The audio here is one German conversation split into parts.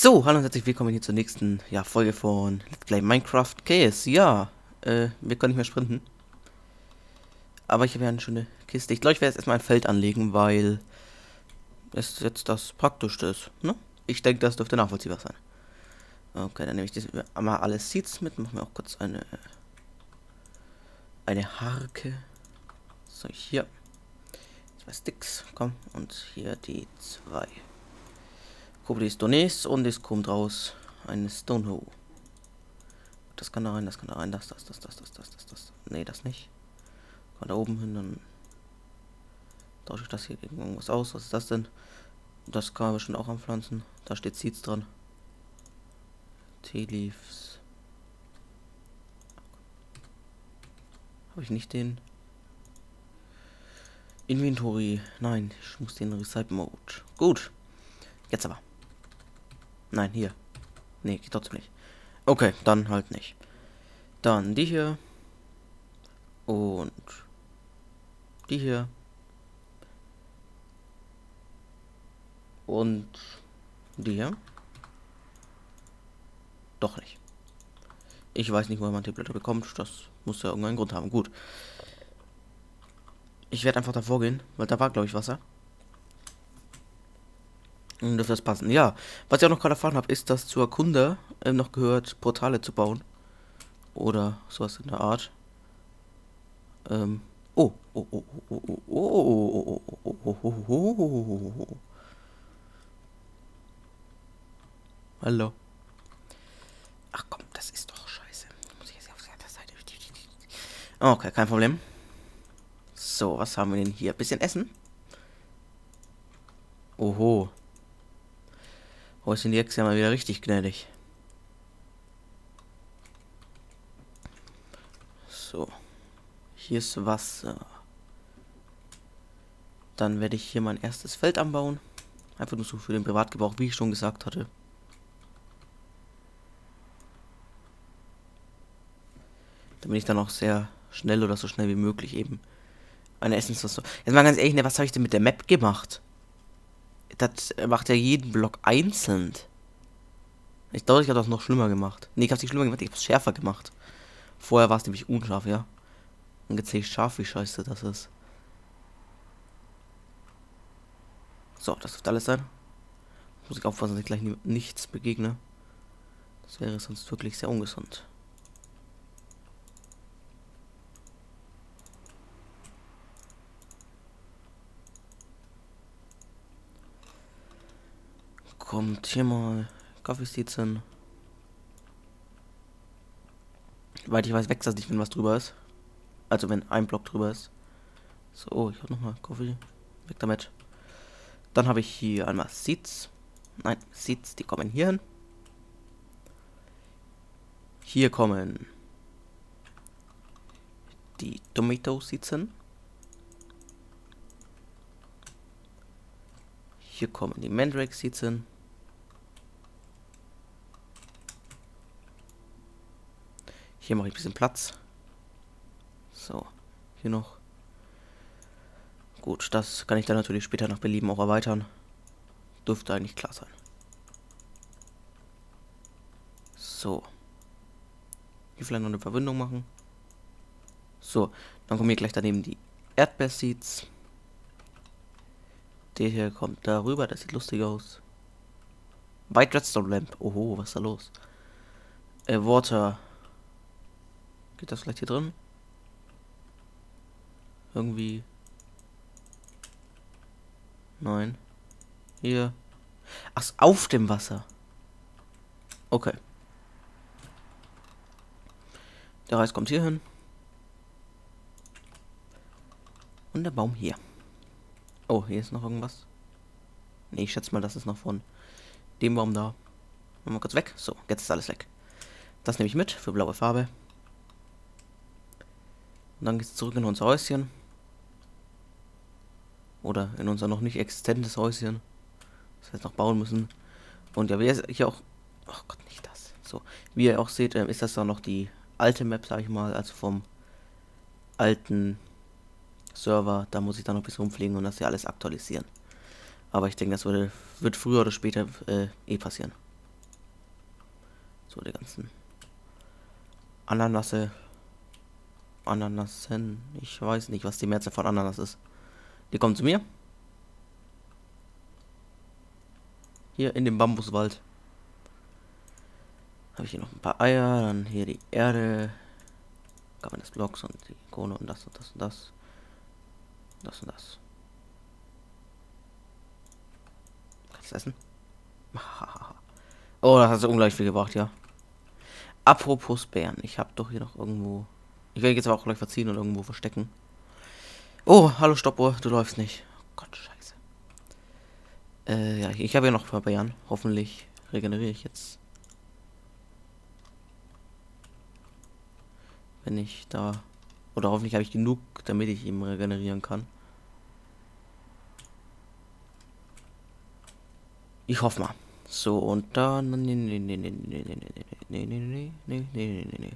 So, hallo und herzlich willkommen hier zur nächsten ja, Folge von Let's Play Minecraft Case. Ja, äh, wir können nicht mehr sprinten. Aber ich habe ja eine schöne Kiste. Ich glaube, ich werde jetzt erstmal ein Feld anlegen, weil es jetzt das Praktischste ist. Ne? Ich denke, das dürfte nachvollziehbar sein. Okay, dann nehme ich das mal alles Seeds mit. Machen wir auch kurz eine, eine Harke. So, hier. Zwei Sticks, komm. Und hier die zwei probierst du nichts und es kommt raus eine Stonehoe. Das kann da rein, das kann da rein, das, das, das, das, das, das, das, das. Nee, das nicht. Kann da oben hin, dann tausche ich das hier gegen irgendwas aus. Was ist das denn? Das kann man bestimmt auch anpflanzen. Da steht Seeds dran. Tea Leaves. Habe ich nicht den? Inventory. Nein, ich muss den Recycle Mode. Gut. Jetzt aber. Nein, hier. Nee, geht trotzdem nicht. Okay, dann halt nicht. Dann die hier. Und die hier. Und die hier. Doch nicht. Ich weiß nicht, woher man die Blätter bekommt. Das muss ja irgendeinen Grund haben. Gut. Ich werde einfach davor gehen, weil da war, glaube ich, Wasser. Dürfte das passen. Ja, was ich auch noch gerade erfahren habe, ist, dass zu Akunda ähm, noch gehört, Portale zu bauen. Oder sowas in der Art. Ähm, oh, oh, oh, oh, oh, oh, oh, oh, oh, oh, oh, oh. oh, Hallo. Ach komm, das ist doch scheiße. Muss ich jetzt auf die andere Seite. Okay, kein Problem. So, was haben wir denn hier? Bisschen Essen. Oho. Oh, sind die ja mal wieder richtig gnädig. So. Hier ist Wasser. Dann werde ich hier mein erstes Feld anbauen. Einfach nur so für den Privatgebrauch, wie ich schon gesagt hatte. Damit ich dann auch sehr schnell oder so schnell wie möglich eben eine Essensversorgung. Jetzt mal ganz ehrlich, ne, was habe ich denn mit der Map gemacht? das macht ja jeden Block einzeln. Ich glaube, ich habe das noch schlimmer gemacht. Nee, ich habe es nicht schlimmer gemacht, ich habe es schärfer gemacht. Vorher war es nämlich unscharf, ja. Und jetzt sehe ich scharf, wie scheiße das ist. So, das wird alles sein. Muss ich aufpassen, dass ich gleich nichts begegne. Das wäre sonst wirklich sehr ungesund. kommt hier mal Kaffeesitzen. Weil ich weiß, wächst das nicht, wenn was drüber ist. Also wenn ein Block drüber ist. So, oh, ich hab nochmal Kaffee. Weg damit. Dann habe ich hier einmal Seeds. Nein, Seeds, die kommen hier hin. Hier kommen die Tomato Seeds Hier kommen die Mandrake Seeds hin. Hier mache ich ein bisschen Platz. So, hier noch. Gut, das kann ich dann natürlich später nach Belieben auch erweitern. Dürfte eigentlich klar sein. So. Hier vielleicht noch eine Verwindung machen. So, dann kommen hier gleich daneben die erdbeer seeds der hier kommt darüber, das sieht lustig aus. White Redstone Lamp. Oho, was ist da los? Äh, Water. Geht das vielleicht hier drin? Irgendwie. Nein. Hier. Ach, auf dem Wasser. Okay. Der Reis kommt hier hin. Und der Baum hier. Oh, hier ist noch irgendwas. Ne, ich schätze mal, das ist noch von dem Baum da. Machen wir kurz weg. So, jetzt ist alles weg. Das nehme ich mit für blaue Farbe. Und dann es zurück in unser Häuschen. Oder in unser noch nicht existentes Häuschen. Das heißt noch bauen müssen. Und ja, wie ihr hier auch... Ach oh Gott, nicht das. So, wie ihr auch seht, äh, ist das dann noch die alte Map, sage ich mal. Also vom alten Server. Da muss ich dann noch ein bisschen rumfliegen und das ja alles aktualisieren. Aber ich denke, das würde, wird früher oder später äh, eh passieren. So, die ganzen Ananasse. Ananassen. Ich weiß nicht, was die Mehrzahl von Ananas ist. Die kommen zu mir. Hier in dem Bambuswald. Habe ich hier noch ein paar Eier. Dann hier die Erde. Kann man das Blocks und die Krone und das und das und das. Das und das. Kannst du essen? oh, das hat so ungleich viel gebracht, ja. Apropos Bären. Ich habe doch hier noch irgendwo... Ich werde jetzt aber auch gleich verziehen und irgendwo verstecken. Oh, hallo Stoppuhr, du läufst nicht. Oh Gott, scheiße. Äh, ja, ich, ich habe ja noch ein paar Bären. Hoffentlich regeneriere ich jetzt. Wenn ich da oder hoffentlich habe ich genug, damit ich ihn regenerieren kann. Ich hoffe mal. So, und dann... Nee, nee, nee, nee, nee, nee, nee, nee, nee, nee, nee, nee, nee.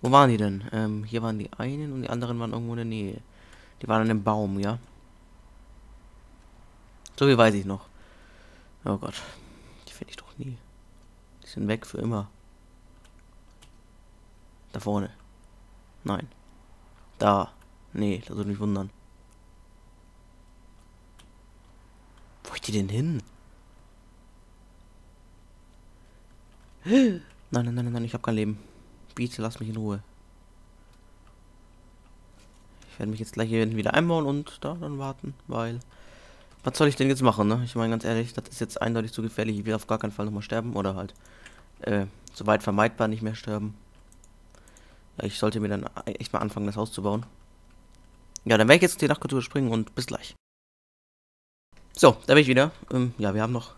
Wo waren die denn? Ähm, hier waren die einen und die anderen waren irgendwo in der Nähe. Die waren an dem Baum, ja? So wie weiß ich noch. Oh Gott. Die finde ich doch nie. Die sind weg für immer. Da vorne. Nein. Da. Nee, das würde mich wundern. Wo ich die denn hin? Nein, nein, nein, nein, ich habe kein Leben. Bitte lass mich in Ruhe. Ich werde mich jetzt gleich hier hinten wieder einbauen und da dann warten, weil... Was soll ich denn jetzt machen, ne? Ich meine ganz ehrlich, das ist jetzt eindeutig zu gefährlich. Ich will auf gar keinen Fall nochmal sterben oder halt, äh, soweit vermeidbar nicht mehr sterben. Ich sollte mir dann echt mal anfangen, das Haus zu bauen. Ja, dann werde ich jetzt die Nachtkultur springen und bis gleich. So, da bin ich wieder. Ähm, ja, wir haben noch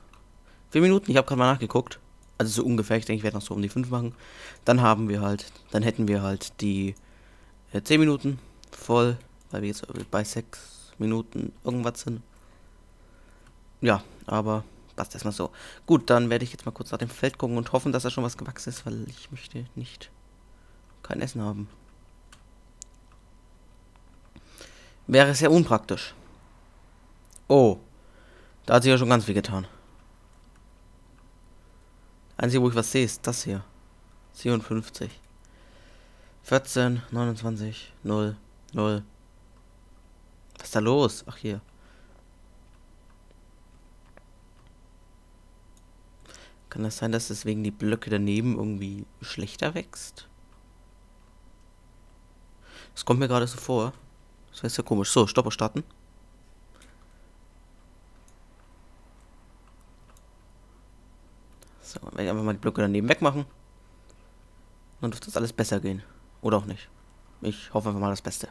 vier Minuten. Ich habe gerade mal nachgeguckt. Also so ungefähr. Ich denke, ich werde noch so um die fünf machen. Dann haben wir halt, dann hätten wir halt die äh, zehn Minuten voll, weil wir jetzt bei sechs Minuten irgendwas sind. Ja, aber passt erstmal so. Gut, dann werde ich jetzt mal kurz nach dem Feld gucken und hoffen, dass da schon was gewachsen ist, weil ich möchte nicht kein Essen haben. Wäre sehr unpraktisch. Oh. Da hat sich ja schon ganz viel getan. Einzige, wo ich was sehe, ist das hier. 57. 14, 29, 0, 0. Was ist da los? Ach hier. Kann das sein, dass deswegen die Blöcke daneben irgendwie schlechter wächst? Das kommt mir gerade so vor. Das wäre ja komisch. So, Stopper starten. So, dann werde ich einfach mal die Blöcke daneben wegmachen. Dann dürfte das alles besser gehen. Oder auch nicht. Ich hoffe einfach mal das Beste.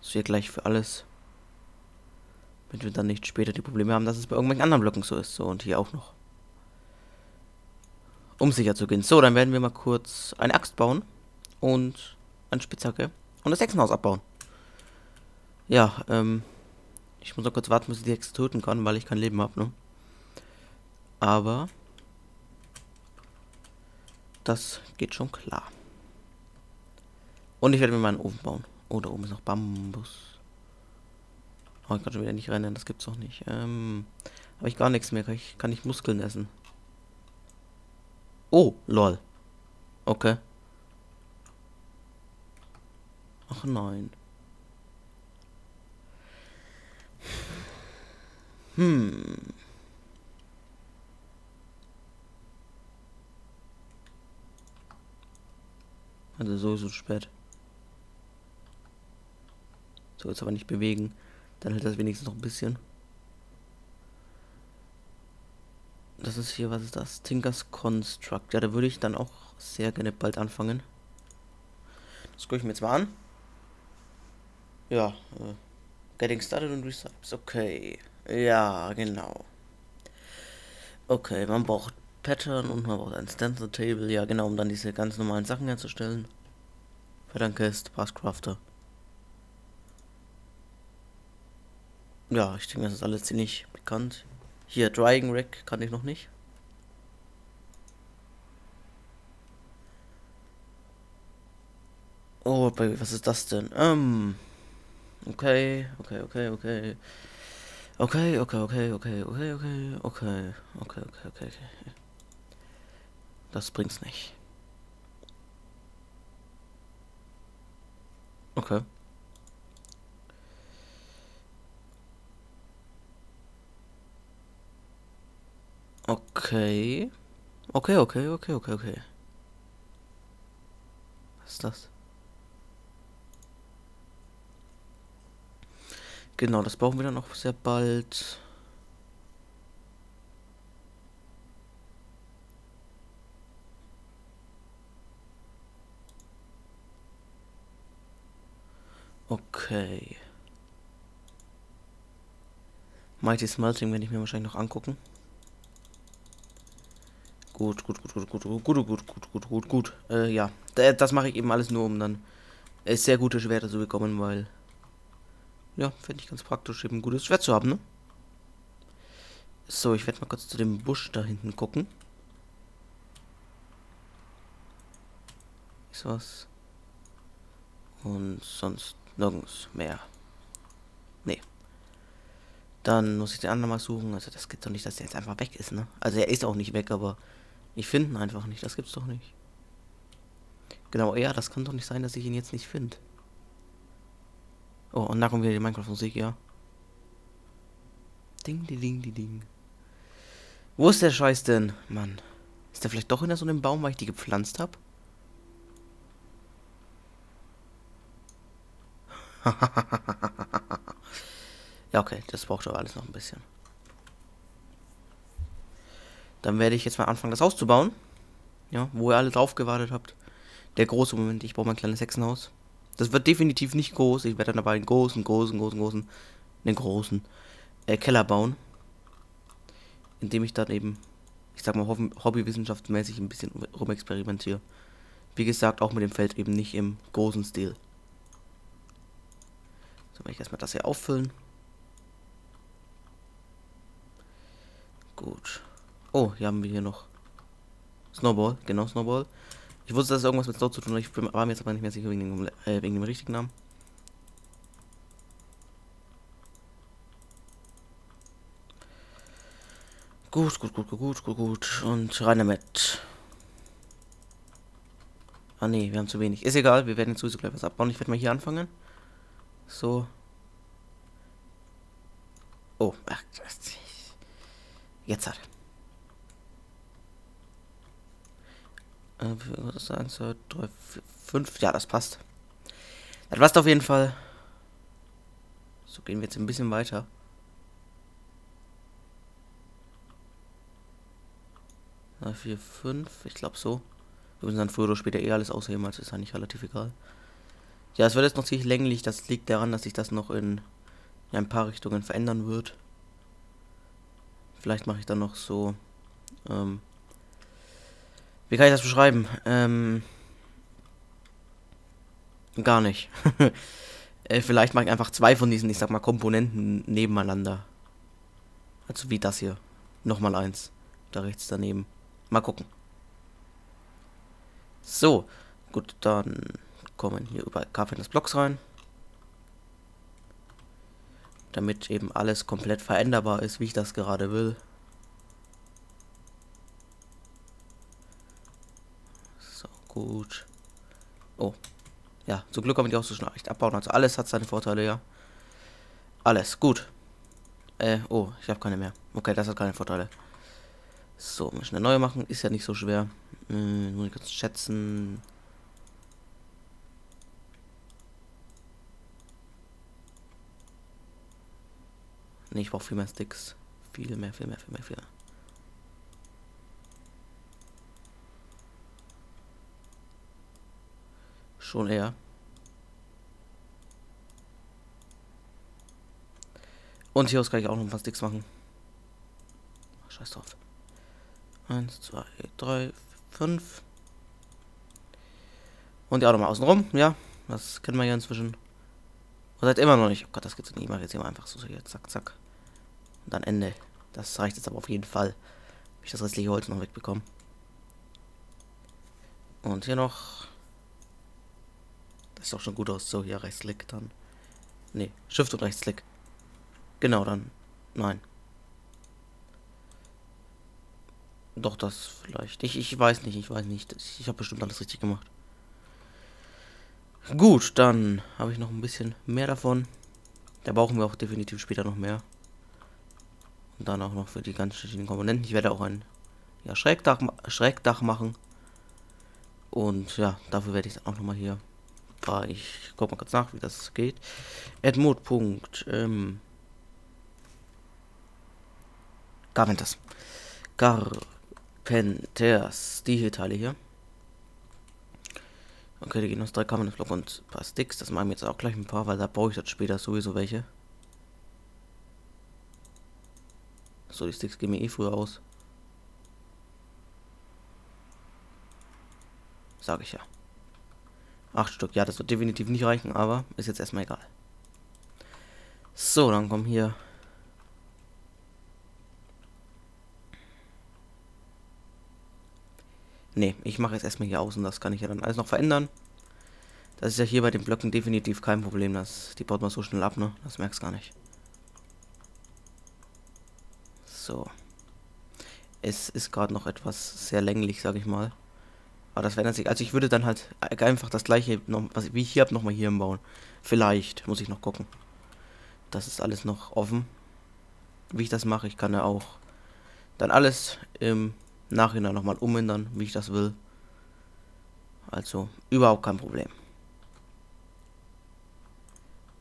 Das wird gleich für alles. Damit wir dann nicht später die Probleme haben, dass es bei irgendwelchen anderen Blöcken so ist. So, und hier auch noch um sicher zu gehen. So, dann werden wir mal kurz eine Axt bauen und eine Spitzhacke und das Hexenhaus abbauen. Ja, ähm, ich muss noch kurz warten, bis ich die Hexe töten kann, weil ich kein Leben habe, ne? Aber das geht schon klar. Und ich werde mir mal einen Ofen bauen. Oh, da oben ist noch Bambus. Oh, ich kann schon wieder nicht rennen, das gibt's doch nicht. Ähm, habe ich gar nichts mehr, ich, kann ich Muskeln essen. Oh, lol. Okay. Ach nein. Hm. Also so ist es spät. So, jetzt aber nicht bewegen. Dann hält das wenigstens noch ein bisschen. das ist hier, was ist das? Tinkers Construct. Ja, da würde ich dann auch sehr gerne bald anfangen. Das gucke ich mir jetzt mal an. Ja, äh, Getting Started und Recipes. Okay. Ja, genau. Okay, man braucht Pattern und man braucht ein Stencil Table. Ja, genau, um dann diese ganz normalen Sachen herzustellen. Pattern Cast, Passcrafter. Ja, ich denke, das ist alles ziemlich bekannt. Hier, Drying Rack kann ich noch nicht. Oh, Baby, was ist das denn? Ähm. Okay, okay, okay, okay. Okay, okay, okay, okay, okay, okay, okay, okay, okay, okay, okay. Das bringt's nicht. Okay. Okay. Okay, okay, okay, okay, okay. Was ist das? Genau, das brauchen wir dann noch sehr bald. Okay. Mighty Smelting werde ich mir wahrscheinlich noch angucken. Gut, gut, gut, gut, gut, gut, gut, gut, gut, gut, gut, gut. Äh, ja, das mache ich eben alles nur, um dann sehr gute Schwerter zu bekommen, weil... Ja, finde ich ganz praktisch, eben ein gutes Schwert zu haben, ne? So, ich werde mal kurz zu dem Busch da hinten gucken. Ist was? Und sonst nirgends mehr. Nee. Dann muss ich den anderen mal suchen. Also das geht doch nicht, dass der jetzt einfach weg ist, ne? Also er ist auch nicht weg, aber ich finde ihn einfach nicht, das gibt's doch nicht. Genau, ja, das kann doch nicht sein, dass ich ihn jetzt nicht finde. Oh, und da kommt wieder die Minecraft-Musik, ja. Ding, die ding, die ding. Wo ist der Scheiß denn? Mann. Ist der vielleicht doch hinter so einem Baum, weil ich die gepflanzt habe? ja, okay, das braucht aber alles noch ein bisschen. Dann werde ich jetzt mal anfangen, das Haus zu bauen. Ja, wo ihr alle drauf gewartet habt. Der große Moment, ich baue mein kleines Hexenhaus. Das wird definitiv nicht groß. Ich werde dann aber einen großen, großen, großen, großen, einen großen äh, Keller bauen. Indem ich dann eben, ich sag mal, hobbywissenschaftsmäßig ein bisschen rumexperimentiere. Wie gesagt, auch mit dem Feld eben nicht im großen Stil. So, werde ich erstmal das hier auffüllen. Gut. Oh, hier haben wir hier noch. Snowball, genau, Snowball. Ich wusste, dass es irgendwas mit Snow zu tun hat. Ich war mir jetzt aber nicht mehr sicher wegen dem, äh, wegen dem richtigen Namen. Gut, gut, gut, gut, gut, gut. Und rein damit. Ah ne, wir haben zu wenig. Ist egal, wir werden jetzt sowieso gleich was abbauen. Ich werde mal hier anfangen. So. Oh, ach, jetzt hat. was ist 1, 2, 3, 4, 5. Ja, das passt. Das passt auf jeden Fall. So gehen wir jetzt ein bisschen weiter. Drei, vier, fünf. Ich glaube so. Wir müssen dann früher oder später eh alles ausheben, also ist eigentlich relativ egal. Ja, es wird jetzt noch ziemlich länglich. Das liegt daran, dass sich das noch in, in ein paar Richtungen verändern wird. Vielleicht mache ich dann noch so ähm, wie kann ich das beschreiben? Ähm, gar nicht. Äh, vielleicht mache ich einfach zwei von diesen, ich sag mal, Komponenten nebeneinander. Also wie das hier. Nochmal eins. Da rechts daneben. Mal gucken. So. Gut, dann kommen hier überall Kaffee in das Blocks rein. Damit eben alles komplett veränderbar ist, wie ich das gerade will. Gut. Oh. Ja, zum Glück haben man die auch so schnell echt abbauen. Also alles hat seine Vorteile, ja. Alles, gut. Äh, oh, ich habe keine mehr. Okay, das hat keine Vorteile. So, mal eine neue machen. Ist ja nicht so schwer. Hm, muss ich kurz schätzen. Nee, ich brauche viel mehr Sticks. Viel mehr, viel mehr, viel mehr, viel mehr. Schon eher. Und hier aus kann ich auch noch ein paar Sticks machen. Scheiß drauf. 1, 2, 3, 5. Und die auch nochmal außen rum. Ja, das kennen wir ja inzwischen. Und seit immer noch nicht. Oh Gott, das gibt's nicht mache Jetzt hier mal einfach so hier. Zack, zack. Und dann Ende. Das reicht jetzt aber auf jeden Fall. Ich das restliche Holz noch wegbekommen. Und hier noch ist doch schon gut aus. So, hier Rechtsklick dann. Ne, Shift und Rechtsklick. Genau, dann. Nein. Doch, das vielleicht. Ich, ich weiß nicht, ich weiß nicht. Ich, ich habe bestimmt alles richtig gemacht. Gut, dann habe ich noch ein bisschen mehr davon. Da brauchen wir auch definitiv später noch mehr. Und dann auch noch für die ganz verschiedenen Komponenten. Ich werde auch ein ja, Schrägdach, Schrägdach machen. Und ja, dafür werde ich auch nochmal hier war ich. Guck mal kurz nach, wie das geht. Edmod. Ähm, Garventers. Garpenters. Die hier Teile hier. Okay, die gehen aus drei Block und ein paar Sticks. Das machen wir jetzt auch gleich ein paar, weil da brauche ich das später sowieso welche. So, die Sticks gehen mir eh früher aus. sage ich ja. Acht Stück. Ja, das wird definitiv nicht reichen, aber ist jetzt erstmal egal. So, dann kommen hier... Ne, ich mache jetzt erstmal hier außen. Das kann ich ja dann alles noch verändern. Das ist ja hier bei den Blöcken definitiv kein Problem. Das, die baut man so schnell ab, ne? Das merkst gar nicht. So. Es ist gerade noch etwas sehr länglich, sag ich mal. Aber das wäre natürlich, Also ich würde dann halt einfach das gleiche, noch, was wie ich hier habe, nochmal hier bauen. Vielleicht, muss ich noch gucken. Das ist alles noch offen. Wie ich das mache, ich kann ja auch dann alles im Nachhinein nochmal umändern, wie ich das will. Also überhaupt kein Problem.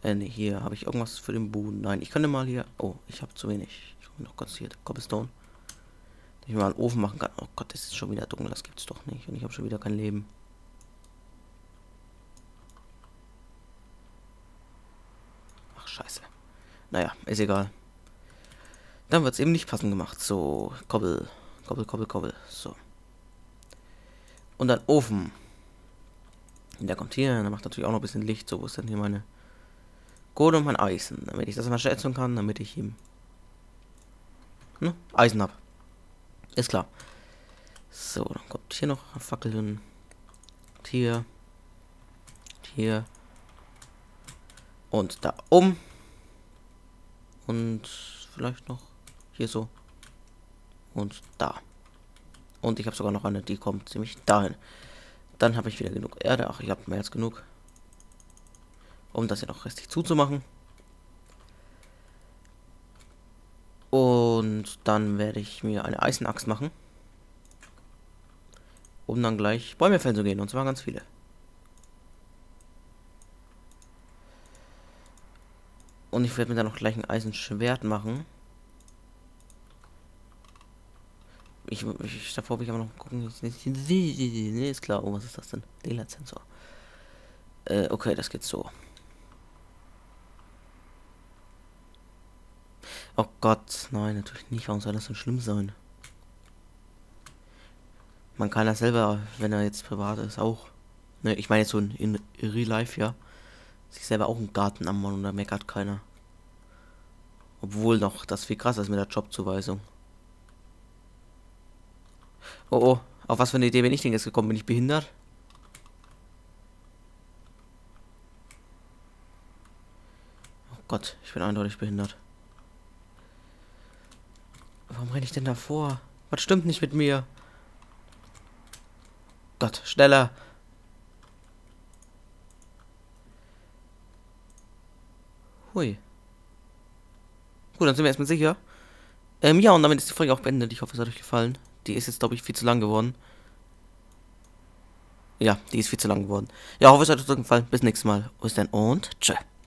Äh, hier habe ich irgendwas für den Boden. Nein, ich könnte mal hier. Oh, ich habe zu wenig. Ich hole noch kurz hier Cobblestone ich mal einen Ofen machen kann. Oh Gott, es ist schon wieder dunkel, das gibt's doch nicht. Und ich habe schon wieder kein Leben. Ach, scheiße. Naja, ist egal. Dann wird es eben nicht passend gemacht. So, Kobbel, Kobbel, Kobbel, Kobbel. So. Und dann Ofen. Und der kommt hier, der macht natürlich auch noch ein bisschen Licht. So, wo ist denn hier meine Kohle und mein Eisen? Damit ich das mal schätzen kann, damit ich ihm ne, Eisen habe. Ist klar. So, dann kommt hier noch eine Fackel hin. Und hier. Und hier. Und da um. Und vielleicht noch hier so. Und da. Und ich habe sogar noch eine, die kommt ziemlich dahin. Dann habe ich wieder genug Erde. Ach, ich habe mehr als genug. Um das ja noch richtig zuzumachen. Und dann werde ich mir eine Eisenachs machen. Um dann gleich Bäume fällen zu gehen. Und zwar ganz viele. Und ich werde mir dann noch gleich ein Eisenschwert machen. Ich, ich davor habe ich aber noch gucken. Nee, ist klar. Oh, was ist das denn? Lila-Sensor. Äh, okay, das geht so. Oh Gott, nein, natürlich nicht. Warum soll das so schlimm sein? Man kann das selber, wenn er jetzt privat ist, auch. Ne, ich meine jetzt so in, in Real Life, ja. Sich selber auch einen Garten anbauen und da meckert keiner. Obwohl noch, das viel krasser ist mit der Jobzuweisung. Oh oh, auf was für eine Idee bin ich denn jetzt gekommen? Bin ich behindert? Oh Gott, ich bin eindeutig behindert. Warum renne ich denn davor? Was stimmt nicht mit mir? Gott, schneller! Hui. Gut, dann sind wir erstmal sicher. Ähm, ja, und damit ist die Folge auch beendet. Ich hoffe, es hat euch gefallen. Die ist jetzt, glaube ich, viel zu lang geworden. Ja, die ist viel zu lang geworden. Ja, hoffe, es hat euch gefallen. Bis nächstes Mal. Bis dann und tschüss.